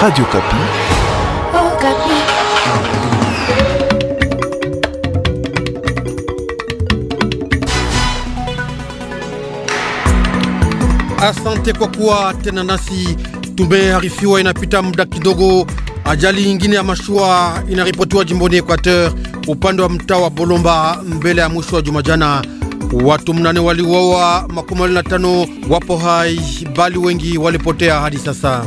Radio Kapi. Oh, Kapi. Asante kwa kuwa tena nasi. Tumearifiwa inapita muda kidogo, ajali nyingine ya mashua inaripotiwa jimboni Equateur upande wa mtaa wa Bolomba mbele ya mwisho wa jumajana Watu mnane waliuawa, makumi mawili na tano wapo hai, bali wengi walipotea hadi sasa.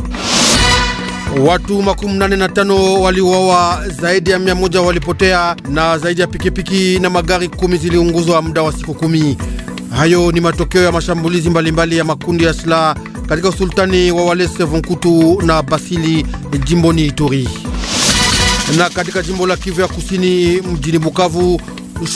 Watu makumi nane na tano waliuawa, zaidi ya mia moja walipotea na zaidi ya pikipiki na magari kumi ziliunguzwa muda wa siku kumi. Hayo ni matokeo ya mashambulizi mbalimbali mbali ya makundi ya silaha katika usultani wa Walese Vonkutu na Basili jimboni Ituri. Na katika jimbo la Kivu ya Kusini mjini Bukavu,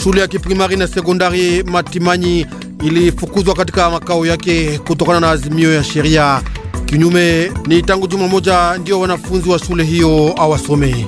shule ya kiprimari na sekondari Matimanyi ilifukuzwa katika makao yake kutokana na azimio ya sheria. Kinyume ni tangu juma moja ndio wanafunzi wa shule hiyo awasome.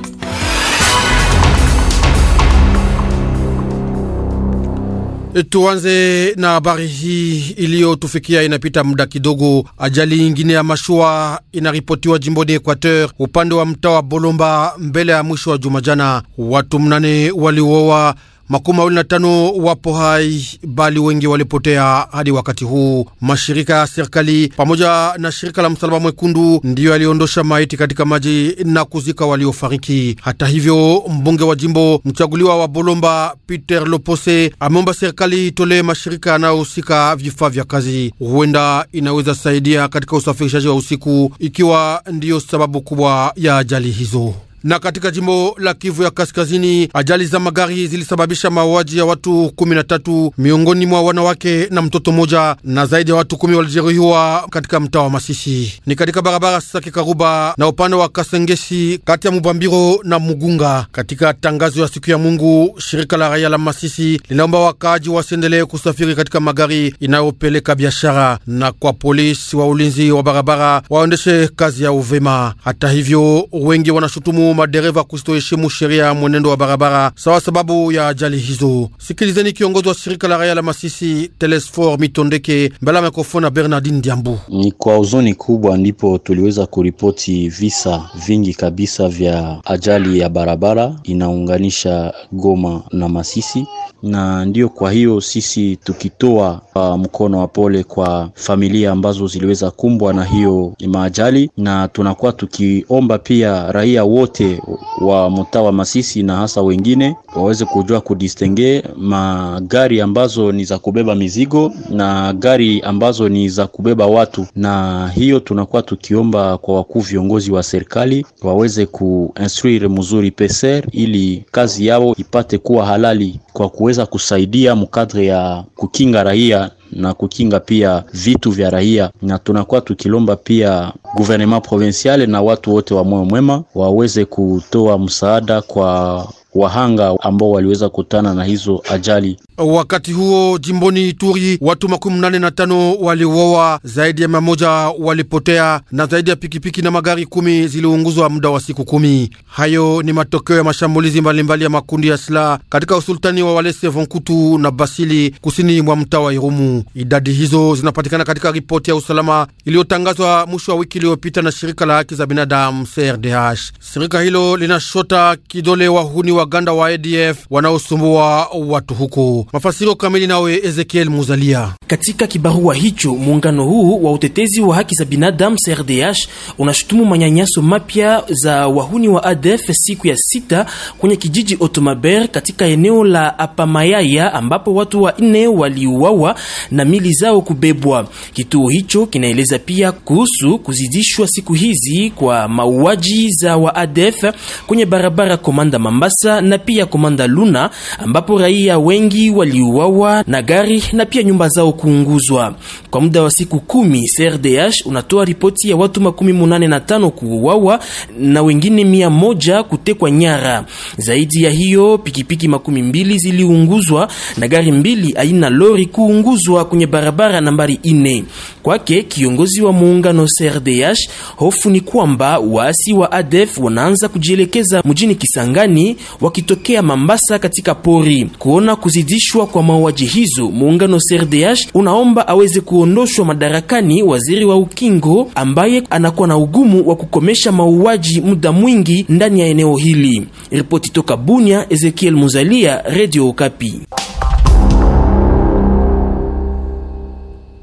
E, tuanze na habari hii iliyotufikia. Inapita muda kidogo, ajali nyingine ya mashua inaripotiwa jimboni Equateur upande wa mtaa wa Bolomba mbele ya mwisho wa juma jana, watu mnane waliuawa makumi mawili na tano wapo hai, bali wengi walipotea hadi wakati huu. Mashirika ya serikali pamoja na shirika la Msalaba Mwekundu ndiyo yaliondosha maiti katika maji na kuzika waliofariki. Hata hivyo, mbunge wa jimbo mchaguliwa wa Bolomba Peter Lopose ameomba serikali itolee mashirika yanayohusika vifaa vya kazi, huenda inaweza saidia katika usafirishaji wa usiku, ikiwa ndiyo sababu kubwa ya ajali hizo na katika jimbo la Kivu ya Kaskazini, ajali za magari zilisababisha mauaji ya watu 13 miongoni mwa wanawake na mtoto mmoja, na zaidi ya watu kumi walijeruhiwa katika mtaa wa Masisi. Ni katika barabara Sake Karuba na upande wa Kasengesi, kati ya Mubambiro na Mugunga. Katika tangazo ya siku ya Mungu, shirika la raia la Masisi linaomba wakaaji wasiendelee kusafiri katika magari inayopeleka biashara, na kwa polisi wa ulinzi wa barabara waendeshe kazi ya uvema. Hata hivyo, wengi wanashutumu madereva kusitoheshimu sheria ya mwenendo wa barabara sawa sababu ya ajali hizo. Sikilizeni kiongozi wa shirika la raia la Masisi Telesfor Mitondeke mbele mikrofoni na Bernardin Diambu. Ni kwa huzuni kubwa ndipo tuliweza kuripoti visa vingi kabisa vya ajali ya barabara inaunganisha Goma na Masisi, na ndiyo kwa hiyo sisi tukitoa uh, mkono wa pole kwa familia ambazo ziliweza kumbwa na hiyo maajali, na tunakuwa tukiomba pia raia wote wote wa mtaa wa Masisi na hasa wengine waweze kujua kudistenge magari ambazo ni za kubeba mizigo na gari ambazo ni za kubeba watu, na hiyo tunakuwa tukiomba kwa wakuu viongozi wa serikali waweze kuinstruire mzuri peser ili kazi yao ipate kuwa halali kwa kuweza kusaidia mkadre ya kukinga raia na kukinga pia vitu vya raia, na tunakuwa tukilomba pia guvernement provincial na watu wote wa moyo mwema waweze kutoa msaada kwa wahanga ambao waliweza kutana na hizo ajali. Wakati huo jimboni Ituri watu makumi nane na tano waliuawa, zaidi ya mia moja walipotea na zaidi ya pikipiki na magari kumi ziliunguzwa muda wa siku kumi. Hayo ni matokeo ya mashambulizi mbalimbali ya makundi ya silaha katika usultani wa Walese Vonkutu na Basili kusini mwa mtaa wa Irumu. Idadi hizo zinapatikana katika ripoti ya usalama iliyotangazwa mwisho wa wiki iliyopita na shirika la haki za binadamu CRDH. Shirika hilo linashota kidole wahuni Waganda wa ADF wanaosumbua watu huku. Mafasiro kamili nawe Ezekiel Muzalia. Katika kibarua hicho, muungano huu wa utetezi wa haki za binadamu CRDH unashutumu manyanyaso mapya za wahuni wa ADF siku ya sita kwenye kijiji Otomaber katika eneo la Apamayaya ambapo watu wanne waliuawa na mili zao kubebwa. Kituo hicho kinaeleza pia kuhusu kuzidishwa siku hizi kwa mauaji za wa ADF kwenye barabara Komanda Mambasa na pia Komanda Luna ambapo raia wengi waliuawa na gari na pia nyumba zao kuunguzwa kwa muda wa siku kumi. CRDH unatoa ripoti ya watu makumi munane na tano kuuawa na wengine mia moja kutekwa nyara. Zaidi ya hiyo, pikipiki makumi mbili ziliunguzwa na gari mbili aina lori kuunguzwa kwenye barabara nambari ine. Kwake kiongozi wa muungano CRDH, hofu ni kwamba waasi wa ADF wanaanza kujielekeza mjini Kisangani wakitokea Mambasa katika pori. Kuona kuzidishwa kwa mauaji hizo, muungano CRDH unaomba aweze kuondoshwa madarakani waziri wa ukingo ambaye anakuwa na ugumu wa kukomesha mauaji muda mwingi ndani ya eneo hili. Ripoti toka Bunia, Ezekiel Muzalia, Radio Okapi.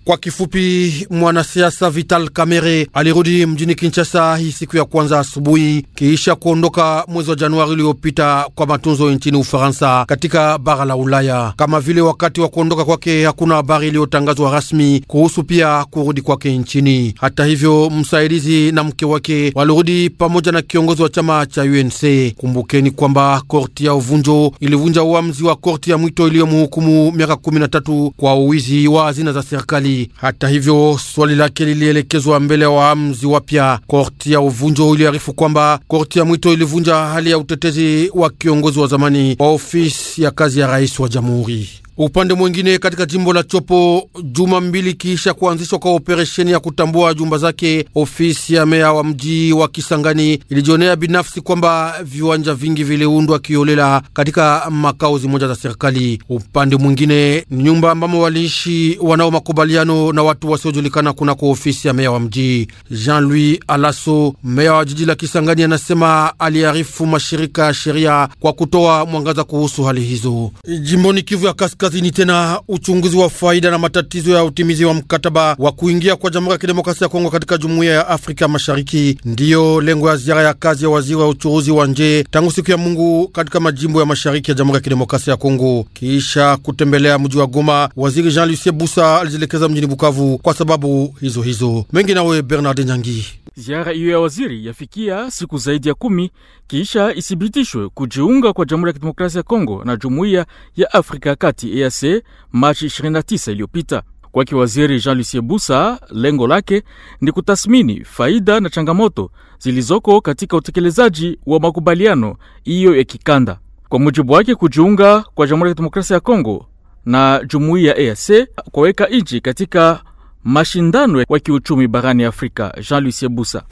Kwa kifupi, mwanasiasa Vital Kamerhe alirudi mjini Kinshasa hii siku ya kwanza asubuhi kiisha kuondoka mwezi wa Januari uliopita kwa matunzo nchini Ufaransa katika bara la Ulaya. Kama vile wakati wa kuondoka kwake, hakuna habari iliyotangazwa rasmi kuhusu pia kurudi kwake nchini. Hata hivyo, msaidizi na mke wake walirudi pamoja na kiongozi wa chama cha UNC. Kumbukeni kwamba korti ya uvunjo ilivunja uamuzi wa korti ya mwito iliyomhukumu miaka 13 kwa uwizi wa hazina za serikali. Hata hivyo, swali lake lilielekezwa mbele ya waamuzi wapya. Korti ya uvunjo iliarifu kwamba korti ya mwito ilivunja hali ya utetezi wa kiongozi wa zamani wa ofisi ya kazi ya rais wa jamhuri. Upande mwingine katika jimbo la Chopo, juma mbili kisha kuanzishwa kwa operesheni ya kutambua jumba zake, ofisi ya meya wa mji wa Kisangani ilijionea binafsi kwamba viwanja vingi viliundwa kiolela katika makao zimoja za serikali. Upande mwingine ni nyumba ambamo waliishi wanao makubaliano na watu wasiojulikana kunako ofisi ya meya wa mji. Jean-Louis Alaso, meya wa jiji la Kisangani, anasema aliarifu mashirika ya sheria kwa kutoa mwangaza kuhusu hali hizo jimboni Kivu ya Kaskazini kaskazini tena uchunguzi wa faida na matatizo ya utimizi wa mkataba wa kuingia kwa Jamhuri ya Kidemokrasia ya Kongo katika Jumuiya ya Afrika Mashariki. Ndiyo lengo ya ziara ya kazi ya waziri wa uchuruzi wa nje tangu siku ya Mungu katika majimbo ya mashariki ya Jamhuri ya Kidemokrasia ya Kongo. Kisha kutembelea mji wa Goma, waziri Jean Lucie Busa alijielekeza mjini Bukavu kwa sababu hizo hizo mengi. Nawe Bernard Nyangi. Ziara hiyo ya waziri yafikia siku zaidi ya kumi kisha isibitishwe kujiunga kwa Jamhuri ya Kidemokrasia ya Kongo na Jumuiya ya Afrika ya Kati EAC Machi 29 iliyopita. Kwake waziri Jean Lucie Busa, lengo lake ni kutathmini faida na changamoto zilizoko katika utekelezaji wa makubaliano hiyo ya kikanda. Kwa mujibu wake, kujiunga kwa Jamhuri ya Kidemokrasia ya Kongo na Jumuiya ya EAC kwaweka nchi katika mashindano ya kiuchumi barani Afrika. Jean Lucie Busa: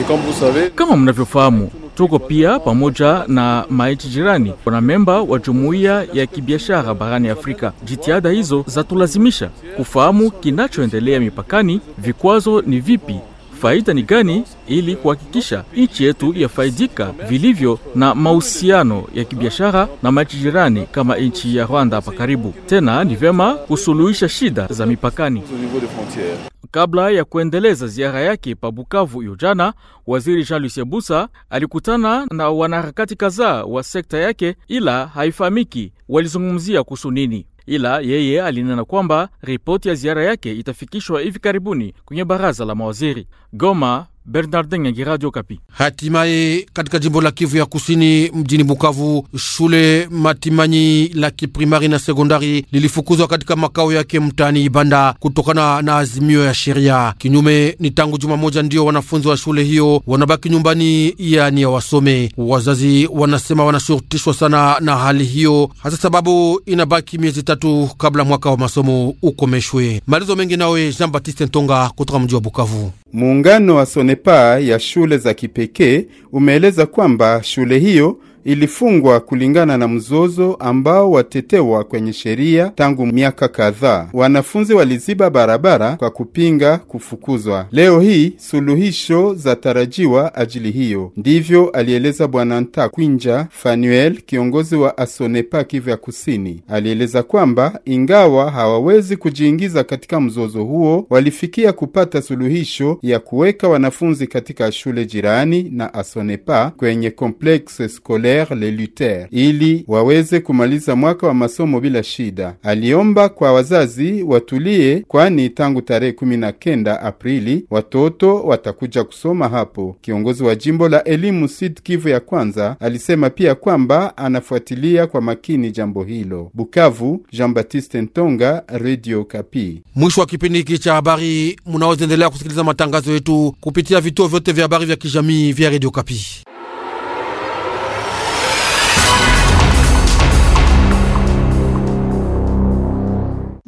kama mnavyofahamu, tuko pia pamoja na maichi jirani, kuna memba wa jumuiya ya kibiashara barani Afrika. Jitihada hizo zatulazimisha kufahamu kinachoendelea mipakani, vikwazo ni vipi faida ni gani, ili kuhakikisha nchi yetu yafaidika vilivyo na mahusiano ya kibiashara na machi jirani kama nchi ya Rwanda hapa karibu. Tena ni vyema kusuluhisha shida za mipakani. Kabla ya kuendeleza ziara yake pa Bukavu hiyo jana, waziri Jean luis Ebusa alikutana na wanaharakati kadhaa wa sekta yake, ila haifahamiki walizungumzia kuhusu nini ila yeye alinena kwamba ripoti ya ziara yake itafikishwa hivi karibuni kwenye baraza la mawaziri. Goma, Bernardin Nyangi, Radio Kapi. Hatimaye katika jimbo la Kivu ya Kusini mjini Bukavu, shule Matimanyi la kiprimari na sekondari lilifukuzwa katika makao yake mtaani Ibanda kutokana na azimio ya sheria. Kinyume ni tangu juma moja ndiyo wanafunzi wa shule hiyo wanabaki nyumbani, yani ya wasome. Wazazi wanasema wanashurutishwa sana na hali hiyo, hasa sababu inabaki miezi tatu kabla mwaka wa masomo ukomeshwe. Malizo mengi nawe Jean Baptiste Ntonga kutoka mji wa Bukavu. Muungano wa Sone paa ya shule za kipekee umeeleza kwamba shule hiyo ilifungwa kulingana na mzozo ambao watetewa kwenye sheria tangu miaka kadhaa. Wanafunzi waliziba barabara kwa kupinga kufukuzwa. Leo hii suluhisho zatarajiwa ajili hiyo, ndivyo alieleza Bwana nta kwinja Fanuel, kiongozi wa Asonepa Kivu ya Kusini. Alieleza kwamba ingawa hawawezi kujiingiza katika mzozo huo, walifikia kupata suluhisho ya kuweka wanafunzi katika shule jirani na Asonepa kwenye komplekse skole Robert Le Luter ili waweze kumaliza mwaka wa masomo bila shida. Aliomba kwa wazazi watulie, kwani tangu tarehe na kenda Aprili watoto watakuja kusoma hapo. Kiongozi wa jimbo la elimu Sud Kivu ya kwanza alisema pia kwamba anafuatilia kwa makini jambo hilo. Bukavu, Jean-Baptiste Ntonga, Radio Kapi. Mwisho wa kipindi hiki cha habari, munaweza endelea kusikiliza matangazo yetu kupitia vituo vyote vya habari vya kijamii vya Radio Kapi.